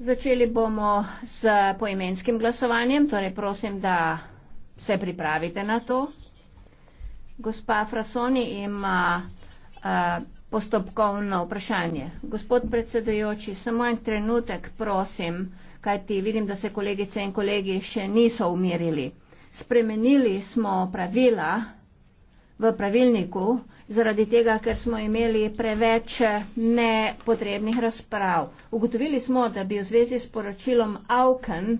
Začeli bomo s poimenskim glasovanjem, torej prosim, da se pripravite na to. Gospa Frasoni ima uh, postopkovno vprašanje. Gospod predsedujoči, samo en trenutek, prosim, kajti vidim, da se kolegice in kolegi še niso umirili. Spremenili smo pravila v pravilniku, zaradi tega, ker smo imeli preveč nepotrebnih razprav. Ugotovili smo, da bi v zvezi s poročilom Auken,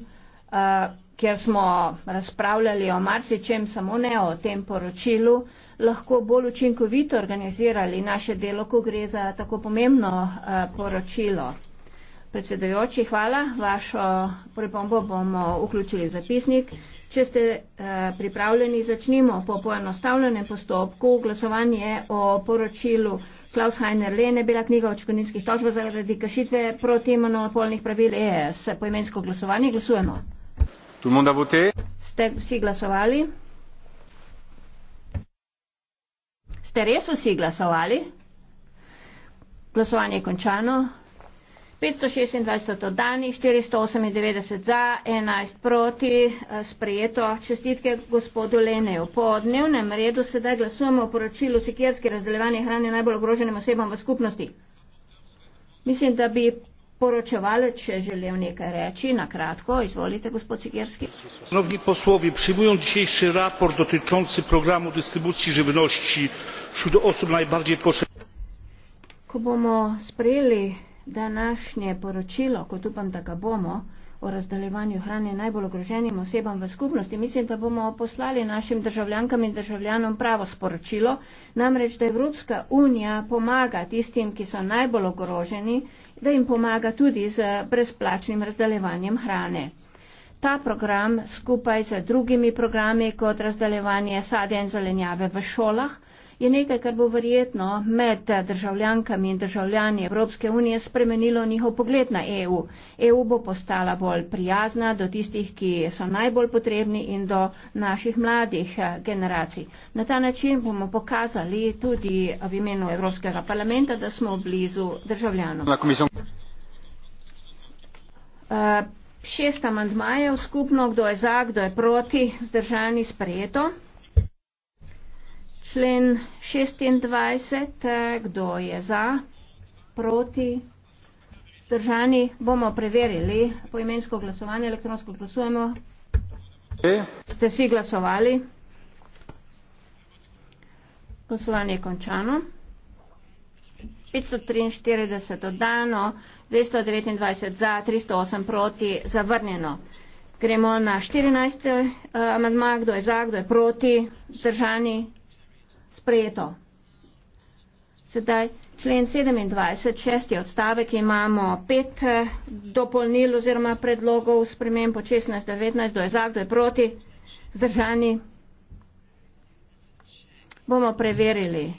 uh, kjer smo razpravljali o marsičem, samo ne o tem poročilu, lahko bolj učinkovito organizirali naše delo, ko gre za tako pomembno uh, poročilo. Predsedujoči, hvala. Vašo pripombo bomo vključili v zapisnik. Če ste eh, pripravljeni, začnimo po poenostavljenem postopku. Glasovanje je o poročilu Klaus Heiner Lene, bela knjiga o čkoninskih tožbah zaradi kršitve proti monopolnih pravil ES. Poimensko glasovanje glasujemo. Ste vsi glasovali? Ste res vsi glasovali? Glasovanje je končano. 526 oddanih, 498 za, 11 proti, eh, sprejeto. Čestitke gospodu Leneju. Po dnevnem redu sedaj glasujemo o poročilu sikerske razdeljevanje hrane najbolj ogroženim osebam v skupnosti. Mislim, da bi poročevali, če želel nekaj reči, na kratko. Izvolite, gospod Sikerski. Slovni poslovi, prijemujem dnešnji raport dotičonci programu distribuciji živnošči šud osob najbolj potrebnih. Ko bomo sprejeli današnje poročilo, kot upam, da ga bomo, o razdaljevanju hrane najbolj ogroženim osebam v skupnosti. Mislim, da bomo poslali našim državljankam in državljanom pravo sporočilo, namreč, da Evropska unija pomaga tistim, ki so najbolj ogroženi, da jim pomaga tudi z brezplačnim razdaljevanjem hrane. Ta program skupaj z drugimi programi kot razdaljevanje sadja in zelenjave v šolah je nekaj, kar bo verjetno med državljankami in državljani Evropske unije spremenilo njihov pogled na EU. EU bo postala bolj prijazna do tistih, ki so najbolj potrebni in do naših mladih eh, generacij. Na ta način bomo pokazali tudi v imenu Evropskega parlamenta, da smo blizu državljanov. Eh, šest amandmajev skupno, kdo je za, kdo je proti, zdržani sprejeto člen 26, eh, kdo je za, proti, zdržani, bomo preverili poimensko glasovanje, elektronsko glasujemo. E. Ste si glasovali? Glasovanje je končano. 543 dodano, 229 za, 308 proti, zavrnjeno. Gremo na 14. Eh, amandma, kdo je za, kdo je proti, zdržani, sprejeto. Sedaj člen 27, šesti odstavek imamo pet eh, dopolnil oziroma predlogov spremem po 16, 19, do je za, do je proti, zdržani. Bomo preverili.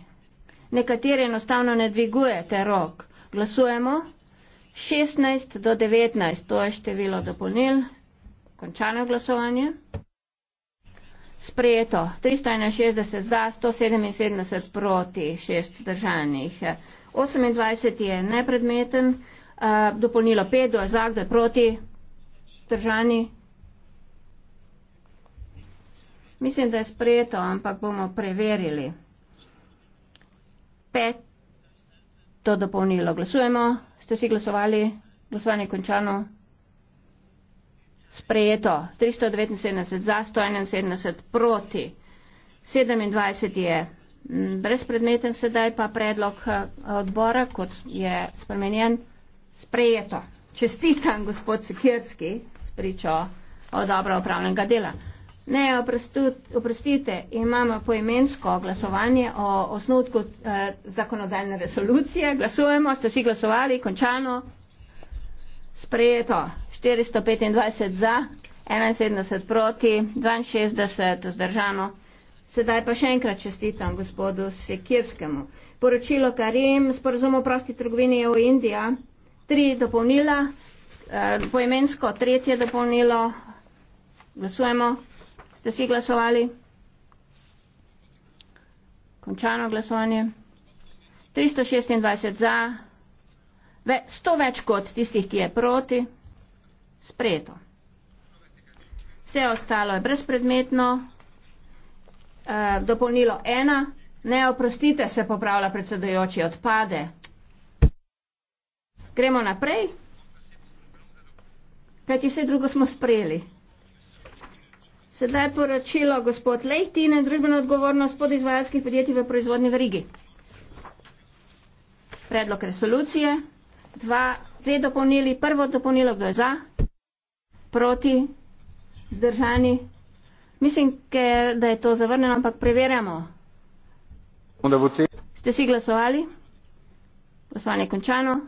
Nekateri enostavno ne dvigujete rok. Glasujemo 16 do 19, to je število dopolnil. Končano glasovanje sprejeto 361 za, 177 proti, 6 držanih. 28 je nepredmeten, dopolnilo 5, do za, kdo je proti, držani. Mislim, da je sprejeto, ampak bomo preverili. 5, to dopolnilo glasujemo, ste si glasovali, glasovanje končano sprejeto 379 za, 171 proti, 27 je mm, brezpredmeten sedaj pa predlog eh, odbora, kot je spremenjen, sprejeto. Čestitam gospod Sikirski s pričo o dobro opravljenega dela. Ne, oprostite, imamo poimensko glasovanje o osnutku eh, zakonodajne resolucije. Glasujemo, ste si glasovali, končano, Sprejeto 425 za, 71 proti, 62 zdržano. Sedaj pa še enkrat čestitam gospodu Sekirskemu. Poročilo Karim, sporozum o prosti trgovini je v Indiji. Tri dopolnila, eh, poimensko tretje dopolnilo. Glasujemo. Ste si glasovali? Končano glasovanje. 326 za ve, sto več kot tistih, ki je proti, sprejeto. Vse ostalo je brezpredmetno. E, dopolnilo ena, ne oprostite, se popravlja predsedojoči, odpade. Gremo naprej, kajti vse drugo smo sprejeli. Sedaj poročilo gospod Lehtine, družbeno odgovornost pod izvajalskih podjetij v proizvodni verigi. Predlog resolucije dva, dve dopolnili. Prvo dopolnilo, kdo je za, proti, zdržani. Mislim, da je to zavrneno, ampak preverjamo. Ste si glasovali? Glasovanje je končano.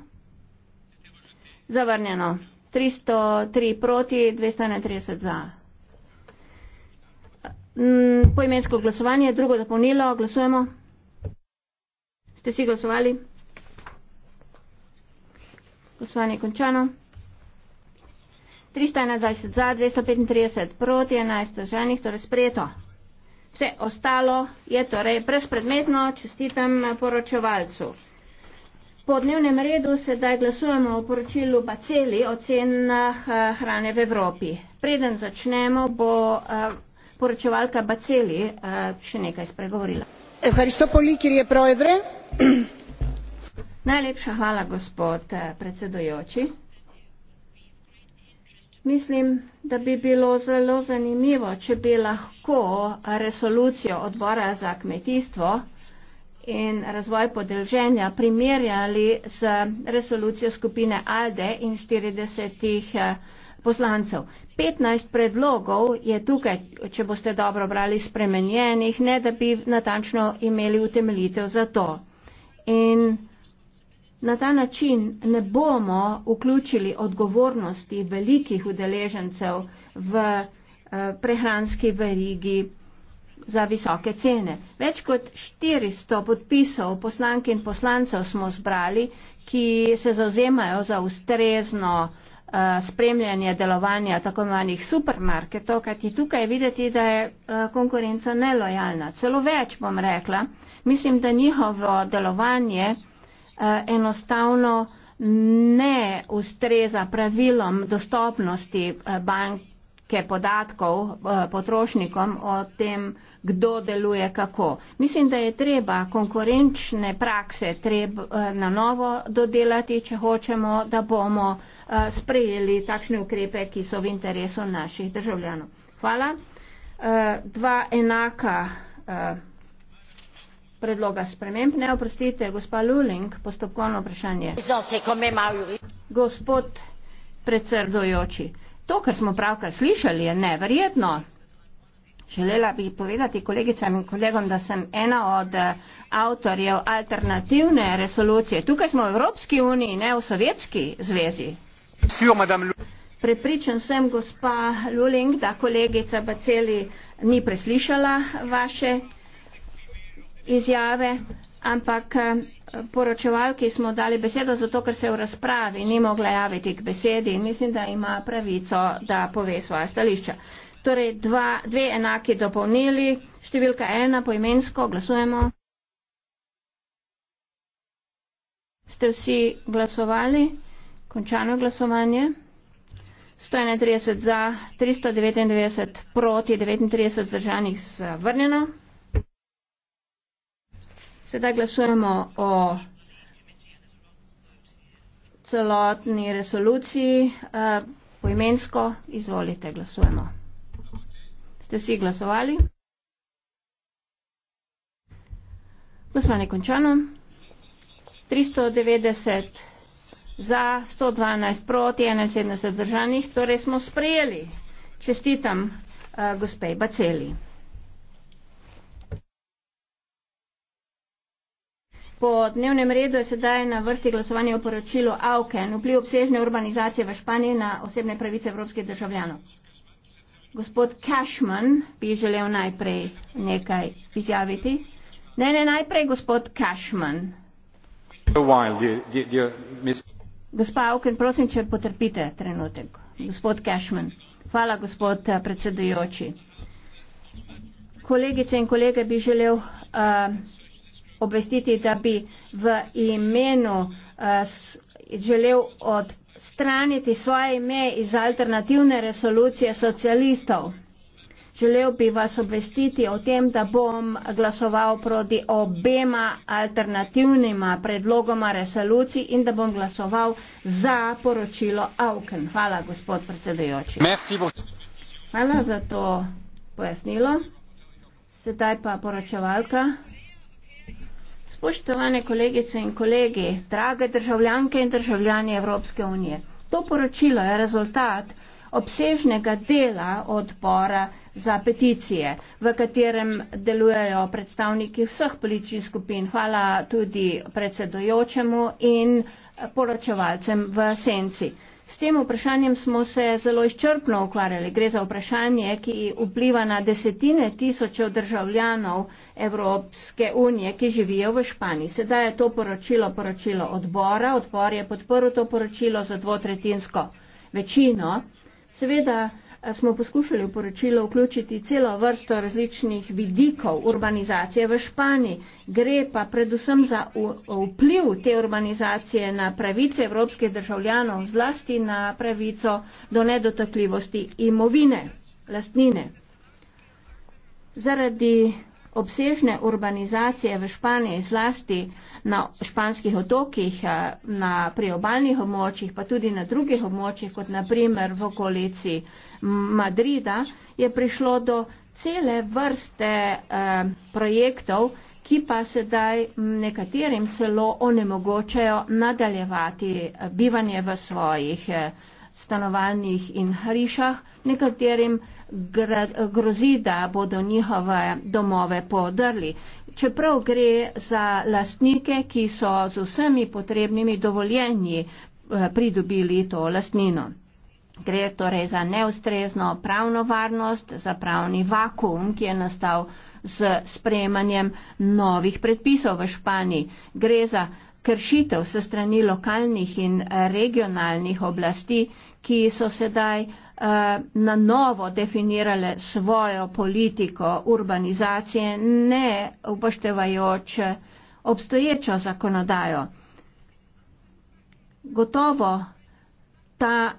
Zavrnjeno. 303 proti, 231 za. Mm, poimensko glasovanje, drugo dopolnilo, glasujemo. Ste si glasovali? Glasovanje je končano. 321 za, 235 proti, 11 zdržanih, torej sprejeto. Vse ostalo je torej brezpredmetno, čestitam poročevalcu. Po dnevnem redu sedaj glasujemo o poročilu Baceli o cenah eh, hrane v Evropi. Preden začnemo, bo eh, poročevalka Baceli eh, še nekaj spregovorila. Evharistopoli, kjer je proevre? Najlepša hvala, gospod eh, predsedojoči. Mislim, da bi bilo zelo zanimivo, če bi lahko resolucijo odbora za kmetijstvo in razvoj podelženja primerjali z resolucijo skupine ALDE in 40 eh, poslancev. 15 predlogov je tukaj, če boste dobro brali, spremenjenih, ne da bi natančno imeli utemeljitev za to. In Na ta način ne bomo vključili odgovornosti velikih udeležencev v eh, prehranski verigi za visoke cene. Več kot 400 podpisov poslank in poslancev smo zbrali, ki se zauzemajo za ustrezno eh, spremljanje delovanja tako imenovanih supermarketov, kajti tukaj je videti, da je eh, konkurenca nelojalna. Celo več bom rekla, mislim, da njihovo delovanje Eh, enostavno ne ustreza pravilom dostopnosti eh, banke podatkov eh, potrošnikom o tem, kdo deluje kako. Mislim, da je treba konkurenčne prakse treba na novo dodelati, če hočemo, da bomo sprejeli takšne ukrepe, ki so v interesu naših državljanov. Hvala. Dva enaka predloga sprememb. Ne oprostite, gospa Luling, postopkovno vprašanje. Gospod predsedujoči, to, kar smo pravkar slišali, je neverjetno. Želela bi povedati kolegicam in kolegom, da sem ena od eh, avtorjev alternativne resolucije. Tukaj smo v Evropski uniji, ne v Sovjetski zvezi. Prepričan sem, gospa Luling, da kolegica Baceli ni preslišala vaše izjave, ampak eh, poročevalki smo dali besedo zato, ker se v razpravi ni mogla javiti k besedi in mislim, da ima pravico, da pove svoje stališča. Torej dva, dve enaki dopolnili, številka ena poimensko, glasujemo. Ste vsi glasovali? Končano je glasovanje. 131 za, 399 proti, 39 zdržanih zavrnjeno. Sedaj glasujemo o celotni resoluciji. Eh, poimensko izvolite, glasujemo. Ste vsi glasovali? Glasovanje končano. 390 za, 112 proti, 71 zdržanih. Torej smo sprejeli. Čestitam uh, gospej Baceli. Po dnevnem redu je sedaj na vrsti glasovanje o poročilu AUKEN, vpliv obsežne urbanizacije v Španiji na osebne pravice evropskih državljanov. Gospod Cashman bi želel najprej nekaj izjaviti. Ne, ne, najprej gospod Cashman. Gospa Auken, prosim, če potrpite trenutek. Gospod Cashman. Hvala, gospod eh, predsedujoči. Kolegice in kolege bi želel uh, obvestiti, da bi v imenu eh, želel odstraniti svoje ime iz alternativne resolucije socialistov. Želel bi vas obvestiti o tem, da bom glasoval proti obema alternativnima predlogoma resolucij in da bom glasoval za poročilo AUKEN. Hvala, gospod predsedujoči. Hvala za to pojasnilo. Sedaj pa poročevalka. Spoštovane kolegice in kolegi, drage državljanke in državljani Evropske unije, to poročilo je rezultat obsežnega dela odbora za peticije, v katerem delujejo predstavniki vseh političnih skupin. Hvala tudi predsedojočemu in poročevalcem v senci. S tem vprašanjem smo se zelo izčrpno ukvarjali. Gre za vprašanje, ki vpliva na desetine tisočev državljanov Evropske unije, ki živijo v Španiji. Sedaj je to poročilo poročilo odbora. Odbor je podprl to poročilo za dvotretinsko večino. Seveda Eh, smo poskušali v poročilo vključiti celo vrsto različnih vidikov urbanizacije v Španiji. Gre pa predvsem za vpliv te urbanizacije na pravice evropskih državljanov, zlasti na pravico do nedotakljivosti imovine, lastnine. Zaradi obsežne urbanizacije v Španiji, zlasti na španskih otokih, eh, na priobalnih območjih, pa tudi na drugih območjih, kot naprimer v okolici Madrida, je prišlo do cele vrste eh, projektov, ki pa sedaj nekaterim celo onemogočajo nadaljevati eh, bivanje v svojih stanovanjih in hrišah, nekaterim grozi, da bodo njihove domove podrli. Čeprav gre za lastnike, ki so z vsemi potrebnimi dovoljenji eh, pridobili to lastnino. Gre torej za neustrezno pravno varnost, za pravni vakum, ki je nastal s sprejemanjem novih predpisov v Španiji. Gre za kršitev se strani lokalnih in eh, regionalnih oblasti, ki so sedaj eh, na novo definirale svojo politiko urbanizacije, ne upoštevajoč eh, obstoječo zakonodajo. Gotovo ta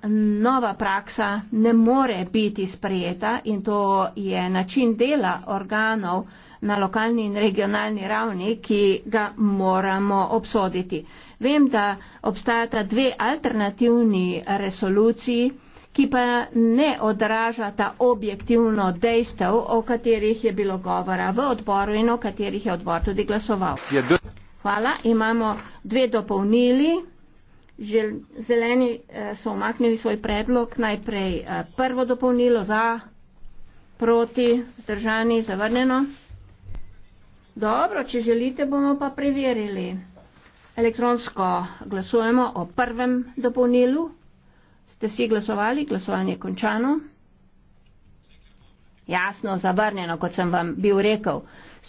nova praksa ne more biti sprejeta in to je način dela organov na lokalni in regionalni ravni, ki ga moramo obsoditi. Vem, da obstajata dve alternativni resoluciji, ki pa ne odražata objektivno dejstev, o katerih je bilo govora v odboru in o katerih je odbor tudi glasoval. Hvala, imamo dve dopolnili. Žel, zeleni eh, so omaknili svoj predlog, najprej eh, prvo dopolnilo za, proti, zdržani, zavrnjeno. Dobro, če želite, bomo pa preverili. Elektronsko glasujemo o prvem dopolnilu. Ste vsi glasovali, glasovanje je končano. Jasno, zavrnjeno, kot sem vam bil rekel.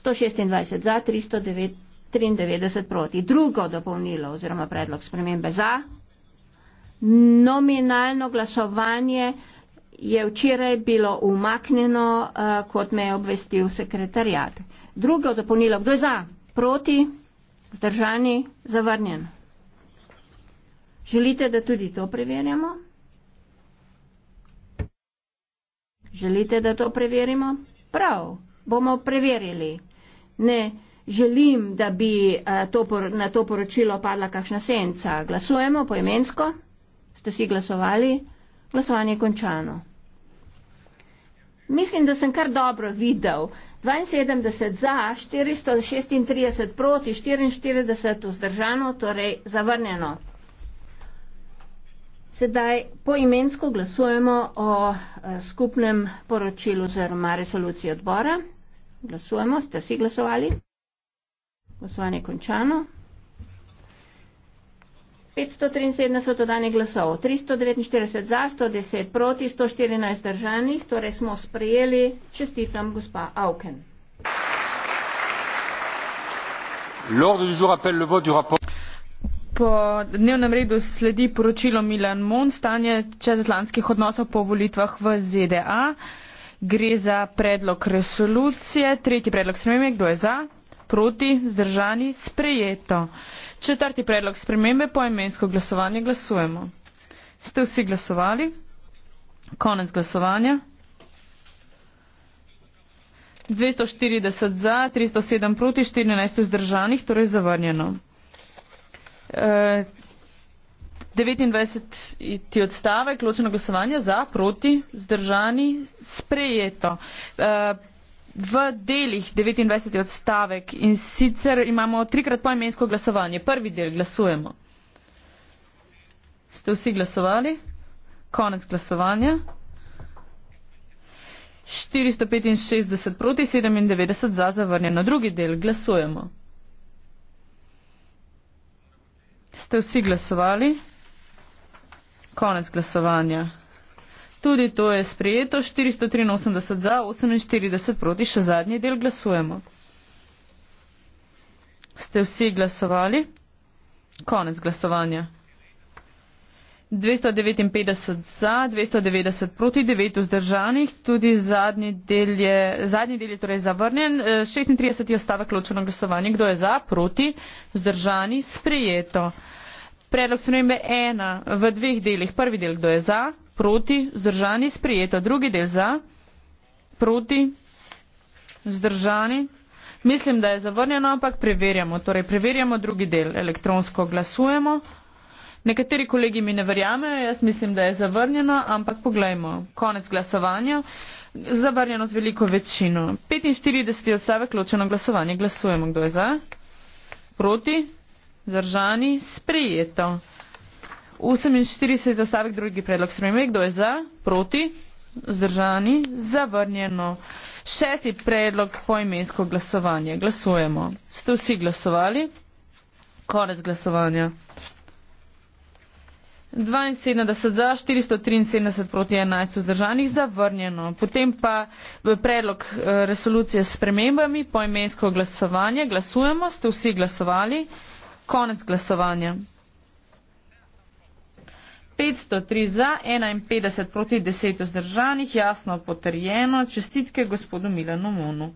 126 za, 309. 93 proti. Drugo dopolnilo oziroma predlog spremembe za. Nominalno glasovanje je včeraj bilo umaknjeno, eh, kot me je obvestil sekretarjat. Drugo dopolnilo, kdo je za? Proti? Zdržani? Zavrnjen? Želite, da tudi to preverjamo? Želite, da to preverimo? Prav, bomo preverili. Ne želim, da bi eh, to, na to poročilo padla kakšna senca. Glasujemo poimensko. Ste vsi glasovali? Glasovanje je končano. Mislim, da sem kar dobro videl. 72 za, 436 proti, 44 vzdržano, torej zavrnjeno. Sedaj poimensko glasujemo o eh, skupnem poročilu oziroma resoluciji odbora. Glasujemo, ste vsi glasovali? Glasovanje je končano. 573 so dodani glasov, 349 za, 110 proti, 114 držanih, torej smo sprejeli, čestitam gospa Auken. Po dnevnem redu sledi poročilo Milan Mon, stanje čezatlantskih odnosov po volitvah v ZDA. Gre za predlog resolucije, tretji predlog spremembe, kdo je za? proti vzdržani sprejeto četrti predlog spremembe poimensko glasovanje glasujemo ste vsi glasovali konec glasovanja 240 za 307 proti 14 vzdržanih torej zavrnjeno e, 29. odstavek, ločeno glasovanje za, proti, zdržani, sprejeto. E, v delih 29. odstavek in sicer imamo trikrat poimensko glasovanje. Prvi del glasujemo. Ste vsi glasovali? Konec glasovanja. 465 proti 97 za zavrnjeno. Drugi del glasujemo. Ste vsi glasovali? Konec glasovanja. Tudi to je sprejeto, 483 za, 48 proti, še zadnji del glasujemo. Ste vsi glasovali? Konec glasovanja. 259 za, 290 proti, 9 vzdržanih, tudi zadnji del je, zadnji del je torej zavrnjen, 36 e, je ostavek ločeno glasovanje, kdo je za, proti, vzdržani, sprejeto. Predlog spremembe 1 v dveh delih. Prvi del, kdo je za, proti, vzdržani, sprijeta, drugi del za, proti, vzdržani. Mislim, da je zavrnjeno, ampak preverjamo, torej preverjamo drugi del, elektronsko glasujemo. Nekateri kolegi mi ne verjamejo, jaz mislim, da je zavrnjeno, ampak poglejmo, konec glasovanja, zavrnjeno z veliko večino. 45. odstavek, ločeno glasovanje, glasujemo, kdo je za, proti, zdržani, sprijeto. 48. stavek drugi predlog spremembe. Kdo je za? Proti? Zdržani? Zavrnjeno. Šesti predlog poimensko glasovanje. Glasujemo. Ste vsi glasovali? Konec glasovanja. 72 za, 473 proti 11 vzdržanih, zavrnjeno. Potem pa predlog eh, resolucije s premembami, poimensko glasovanje, glasujemo, ste vsi glasovali, konec glasovanja. 503 za, 51 proti 10 vzdržanih, jasno potrjeno. Čestitke gospodu Milanu Monu.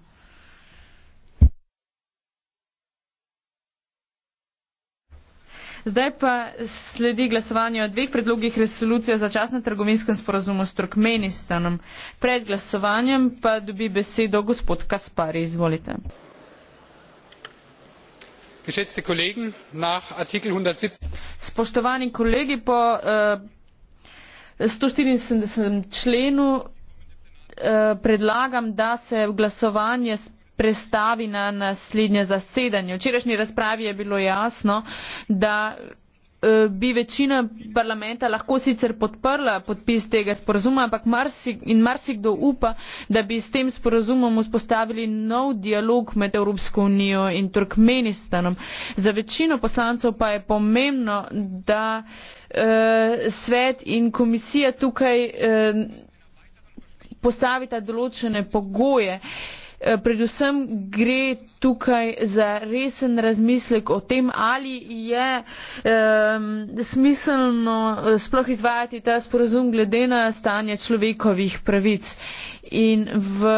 Zdaj pa sledi glasovanje o dveh predlogih resolucija za časno trgovinskem sporazumu s Turkmenistanom. Pred glasovanjem pa dobi besedo gospod Kaspari. Izvolite geschätzte kollegen nach artikel einhundertsiebzehn spoštovani kolegi po eh, stoštiriinsedemdesetem členu eh, predlagam da se glasovanje prestavi na naslednje zasedanje. v včerajšnji razpravi je bilo jasno da Eh, bi večina parlamenta lahko sicer podprla podpis tega sporazuma ampak marsik, in marsikdo upa da bi s tem sporazumom vzpostavili nov dialog med evropsko unijo in turkmenistanom za večino poslancev pa je pomembno da eh, svet in komisija tukaj eh, postavita določene pogoje eh, Eh, predvsem gre tukaj za resen razmislek o tem, ali je um, smiselno eh, sploh izvajati ta sporozum glede na stanje človekovih pravic. In v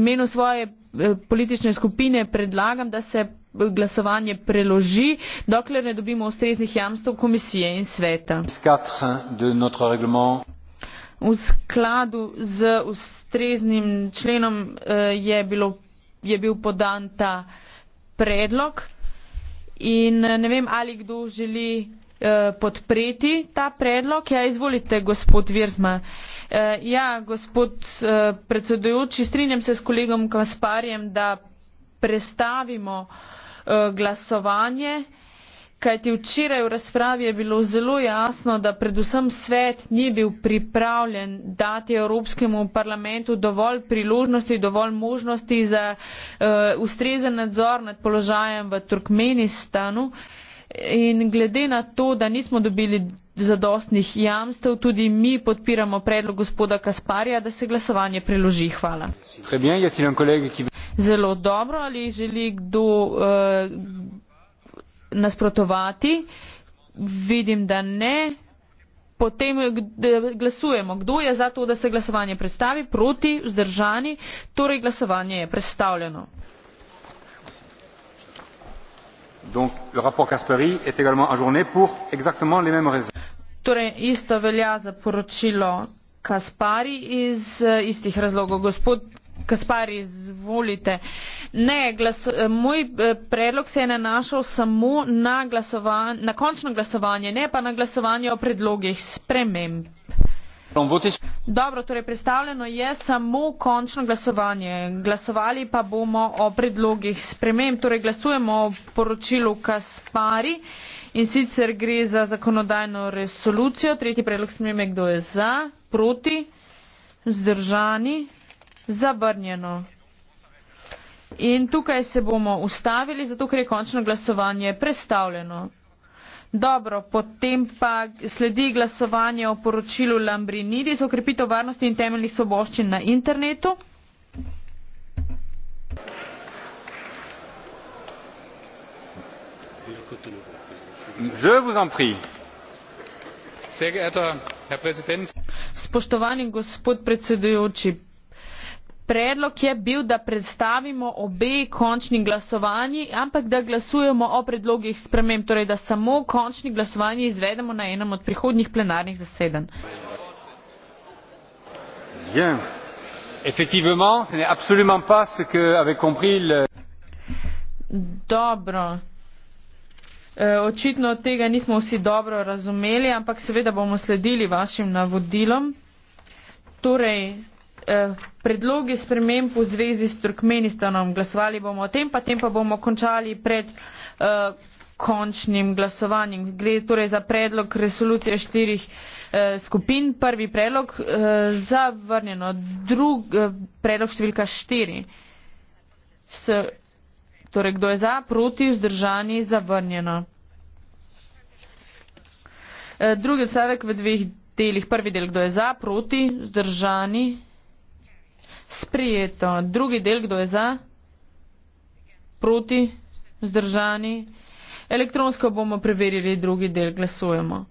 imenu svoje eh, politične skupine predlagam, da se glasovanje preloži, dokler ne dobimo ustreznih jamstv komisije in sveta v skladu z ustreznim členom eh, je, bilo, je bil podan ta predlog in eh, ne vem, ali kdo želi eh, podpreti ta predlog. Ja, izvolite, gospod Virzma. Ja, gospod predsedujoči, strinjam se s kolegom Kasparjem, da prestavimo glasovanje kajti včeraj v razpravi je bilo zelo jasno, da predvsem svet ni bil pripravljen dati Evropskemu parlamentu dovolj priložnosti, dovolj možnosti za uh, ustrezen nadzor nad položajem v Turkmenistanu. In glede na to, da nismo dobili zadostnih jamstev, tudi mi podpiramo predlog gospoda Kasparja, da se glasovanje preloži. Hvala. Zelo dobro, ali želi kdo. Uh, nasprotovati? Vidim, da ne. Potem eh, glasujemo. Kdo je za to, da se glasovanje predstavi? Proti, vzdržani. Torej glasovanje je predstavljeno. Donc, le rapport Kasperi est également ajourné pour exactement les mêmes raisons. Torej, isto velja za poročilo Kaspari iz eh, istih razlogov. Gospod Kaspar, izvolite. Ne, glas, moj eh, predlog se je nanašal samo na, glasovan, na končno glasovanje, ne pa na glasovanje o predlogih sprememb. Dobro, torej predstavljeno je samo končno glasovanje. Glasovali pa bomo o predlogih sprememb. Torej glasujemo o poročilu Kaspari in sicer gre za zakonodajno resolucijo. Tretji predlog sprememb, kdo je za, proti, zdržani, zavrnjeno. In tukaj se bomo ustavili, zato ker je končno glasovanje predstavljeno. Dobro, potem pa sledi glasovanje o poročilu Lambrinidi za okrepitev varnosti in temeljnih svoboščin na internetu. Je vous en prie. Sehr geehrter Herr Präsident. Spoštovani gospod predsedujoči, Predlog je bil, da predstavimo obe končni glasovanji, ampak da glasujemo o predlogih sprememb, torej da samo končni glasovanji izvedemo na enem od prihodnjih plenarnih zasedanj. Bien. Effectivement, ce n'est absolument pas ce que avait compris le. Dobro. E, očitno tega nismo vsi dobro razumeli, ampak seveda bomo sledili vašim navodilom. Torej, Eh, predlogi sprememb v zvezi s Turkmenistanom. Glasovali bomo o tem, pa tem pa bomo končali pred eh, končnim glasovanjem. Gre torej za predlog resolucije štirih eh, skupin. Prvi predlog zavrnjeno, drug predlog številka štiri. S, torej, kdo je za, proti, vzdržani, zavrnjeno. Drugi odsavek v dveh delih. Prvi del, kdo je za, proti, vzdržani, sprijeto. Drugi del, kdo je za? Proti? Zdržani? Elektronsko bomo preverili drugi del, glasujemo.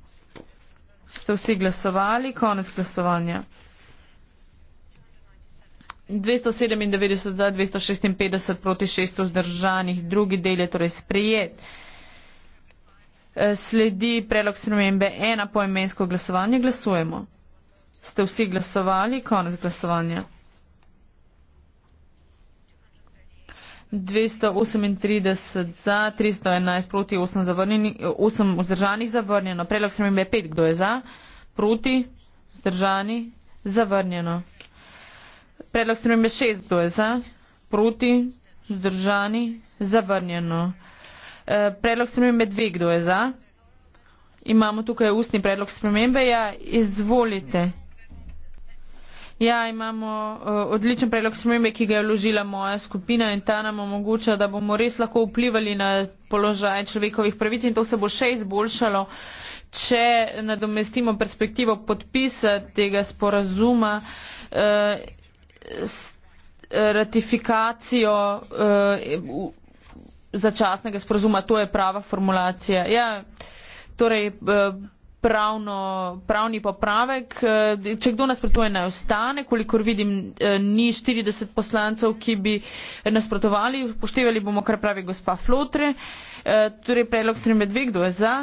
Ste vsi glasovali? Konec glasovanja. 297 za, 256 proti 600 zdržanih. Drugi del je torej sprijet. E, sledi prelog spremembe 1 po imensko glasovanje. Glasujemo. Ste vsi glasovali? Konec glasovanja. 238 za, 311 proti, 8, 8 vzdržanih zavrnjeno. Predlog spremembe je 5. Kdo je za? Proti, vzdržani, zavrnjeno. Predlog spremembe 6. Kdo je za? Proti, vzdržani, zavrnjeno. E, predlog spremembe 2. Kdo je za? Imamo tukaj ustni predlog spremembe. Ja, izvolite. Ne. Ja, imamo uh, odličen predlog smembe, ki ga je vložila moja skupina in ta nam omogoča, da bomo res lahko vplivali na položaj človekovih pravic in to se bo še izboljšalo, če nadomestimo perspektivo podpisa tega sporazuma uh, s eh, ratifikacijo uh, začasnega sporazuma. To je prava formulacija. Ja, torej, uh, pravno, pravni popravek. Eh, če kdo nasprotuje, naj ostane. Kolikor vidim, eh, ni 40 poslancev, ki bi nasprotovali. Poštevali bomo, kar pravi gospa Flotre. Eh, torej, predlog streme dve, kdo je za,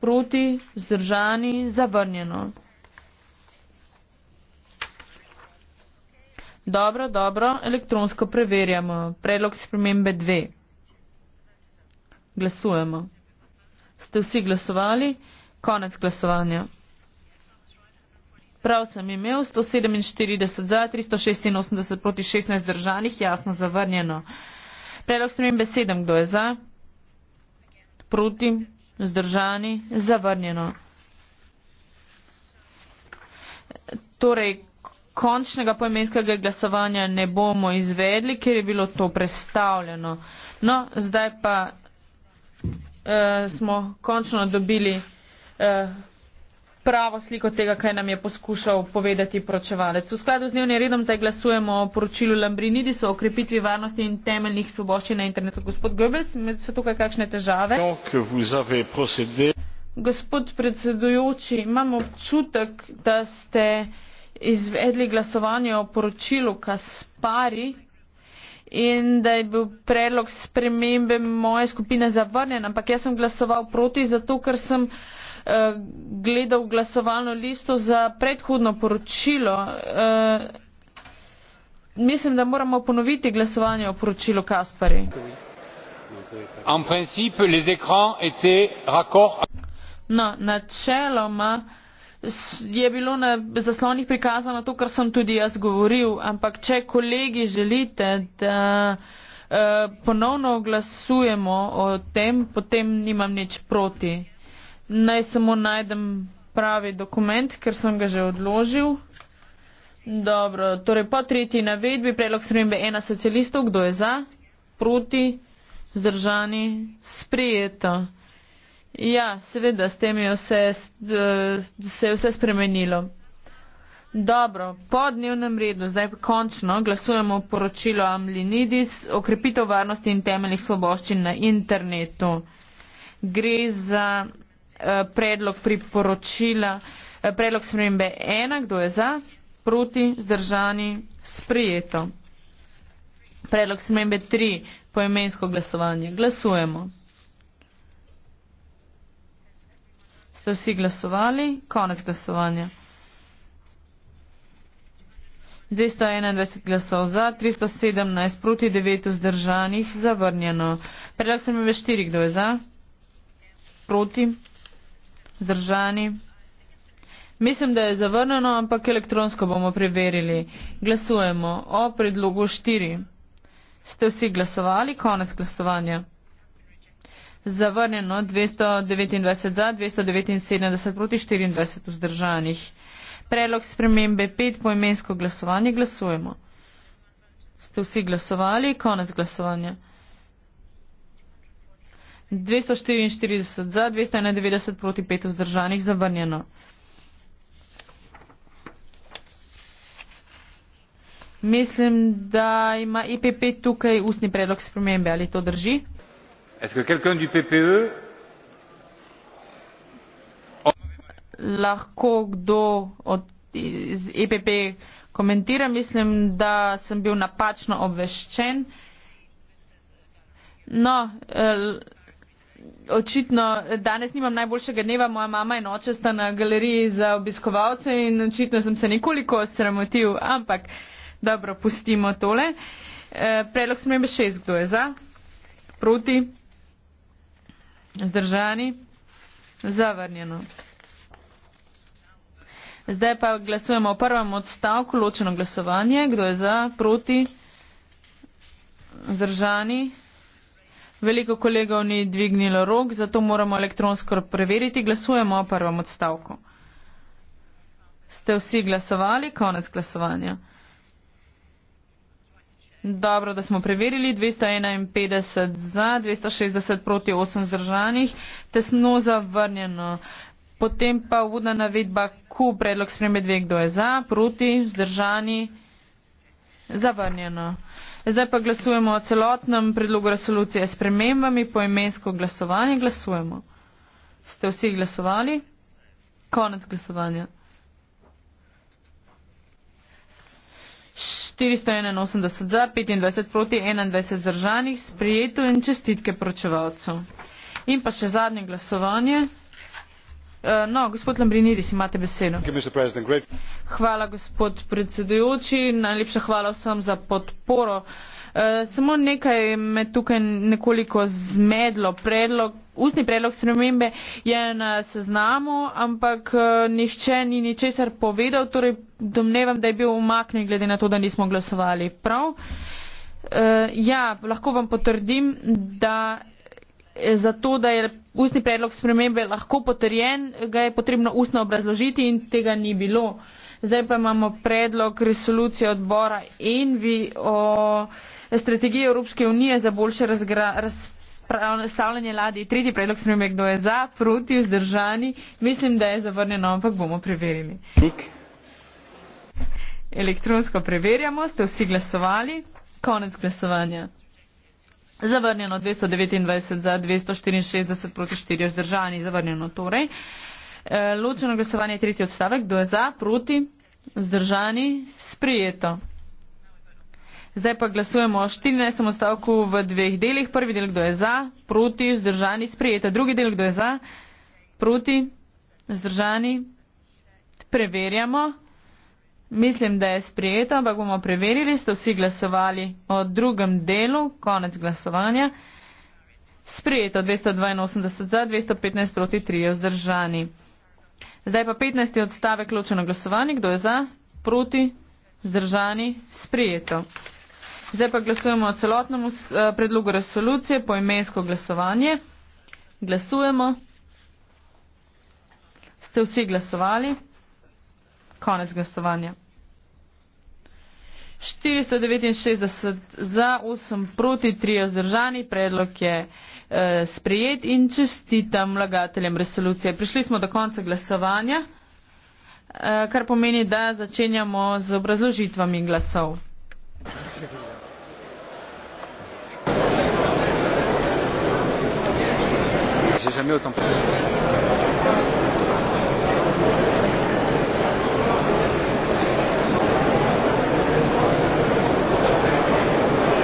proti, zdržani, zavrnjeno. Dobro, dobro, elektronsko preverjamo. Predlog spremembe dve. Glasujemo. Ste vsi glasovali? Konec glasovanja. Prav sem imel 147 za, 386 proti 16 držanih, jasno zavrnjeno. Predlog sem jim besedem, kdo je za, proti, zdržani, zavrnjeno. Torej, končnega poimenskega glasovanja ne bomo izvedli, ker je bilo to prestavljeno. No, zdaj pa uh, smo končno dobili. Eh, pravo sliko tega, kaj nam je poskušal povedati poročevalec. V skladu z dnevnim redom zdaj glasujemo o poročilu Lambrinidis o okrepitvi varnosti in temeljnih svoboščin na internetu. Gospod Goebbels, so tukaj kakšne težave? Gospod predsedujoči, imam občutek, da ste izvedli glasovanje o poročilu Kaspari in da je bil predlog spremembe moje skupine zavrnjen, ampak jaz sem glasoval proti, zato ker sem uh, Eh, gledal glasovalno listo za predhodno poročilo. Eh, mislim, da moramo ponoviti glasovanje o poročilu Kaspari. No, načeloma je bilo na zaslonih prikazano to, kar sem tudi jaz govoril, ampak če kolegi želite, da uh, ponovno glasujemo o tem, potem nimam nič proti naj samo najdem pravi dokument, ker sem ga že odložil. Dobro, torej po tretji navedbi predlog spremembe ena socialistov, kdo je za, proti, zdržani, sprijeto. Ja, seveda, s tem je vse, eh, se je vse spremenilo. Dobro, po dnevnem redu zdaj končno glasujemo poročilo Amlinidis o krepitev varnosti in temeljnih svoboščin na internetu. Gre za Eh, predlog priporočila eh, predlog spremembe ena kdo je za proti zdržani sprijeto predlog spremembe tri poimensko glasovanje glasujemo ste vsi glasovali konec glasovanja 221 glasov za, 317 proti 9 vzdržanih, zavrnjeno. Predlog sem imel štiri, kdo je za? Proti zdržani. Mislim, da je zavrnjeno, ampak elektronsko bomo preverili. Glasujemo o predlogu 4. Ste vsi glasovali? Konec glasovanja. Zavrnjeno 229 za, 279 proti 24 vzdržanih. Predlog spremembe 5 po imensko glasovanje glasujemo. Ste vsi glasovali? Konec glasovanja. 244 za, 291 proti 5 vzdržanih zavrnjeno. Mislim, da ima IPP e tukaj ustni predlog spremembe. Ali to drži? E? Lahko kdo od, iz IPP e komentira? Mislim, da sem bil napačno obveščen. No, eh, očitno danes nimam najboljšega dneva, moja mama in oče sta na galeriji za obiskovalce in očitno sem se nekoliko sramotil, ampak dobro, pustimo tole. E, predlog smembe šest, kdo je za? Proti? Zdržani? Zavrnjeno. Zdaj pa glasujemo o prvem odstavku, ločeno glasovanje. Kdo je za? Proti? Zdržani? Veliko kolegov ni dvignilo rok, zato moramo elektronsko preveriti. Glasujemo o prvem odstavku. Ste vsi glasovali? Konec glasovanja. Dobro, da smo preverili. 251 za, 260 proti 8 zdržanih. Tesno zavrnjeno. Potem pa vodna navedba Q, predlog spreme dve, kdo je za, proti, zdržani, zavrnjeno. Zdaj pa glasujemo o celotnem predlogu resolucije s premembami po imensko glasovanje. Glasujemo. Ste vsi glasovali? Konec glasovanja. 481 za, 25 proti, 21 zdržanih, sprijeto in čestitke pročevalcev. In pa še zadnje glasovanje. Eh, no, hvala, gospod predsedujoči. Najlepša hvala vsem za podporo. Eh, samo nekaj me tukaj nekoliko zmedlo. Predlog, ustni predlog spremembe je na seznamu, ampak eh, nihče ni ničesar povedal, torej domnevam, da je bil umaknjen glede na to, da nismo glasovali. Prav? Ja, lahko vam potrdim, da zato, da je ustni predlog spremembe lahko potrjen, ga je potrebno ustno obrazložiti in tega ni bilo. Zdaj pa imamo predlog resolucije odbora Envi o strategiji Evropske unije za boljše razpravljanje ladij. Tretji predlog spremembe, kdo je za, proti, vzdržani. Mislim, da je zavrnjeno, ampak bomo preverili. Nik. Elektronsko preverjamo, ste vsi glasovali. Konec glasovanja zavrnjeno 229 za 264 proti 4 vzdržani, zavrnjeno torej. E, ločeno glasovanje je tretji odstavek, kdo je za, proti, vzdržani, sprijeto. Zdaj pa glasujemo o 14. odstavku v dveh delih. Prvi del, kdo je za, proti, vzdržani, sprijeto. Drugi del, kdo je za, proti, vzdržani, preverjamo. Mislim, da je sprijeto, ampak bomo preverili, ste vsi glasovali o drugem delu, konec glasovanja. Sprijeto 282 za, 215 proti 3 je vzdržani. Zdaj pa 15. odstavek ločeno glasovanje, kdo je za, proti, vzdržani, sprijeto. Zdaj pa glasujemo o celotnem eh, predlogu resolucije, poimensko glasovanje. Glasujemo. Ste vsi glasovali? Konec glasovanja. 469 za, 8 proti, 3 vzdržani, predlog je eh, sprejet in čestitam vlagateljem resolucije. Prišli smo do konca glasovanja, eh, kar pomeni, da začenjamo z obrazložitvami glasov. Že že imel tam predlog.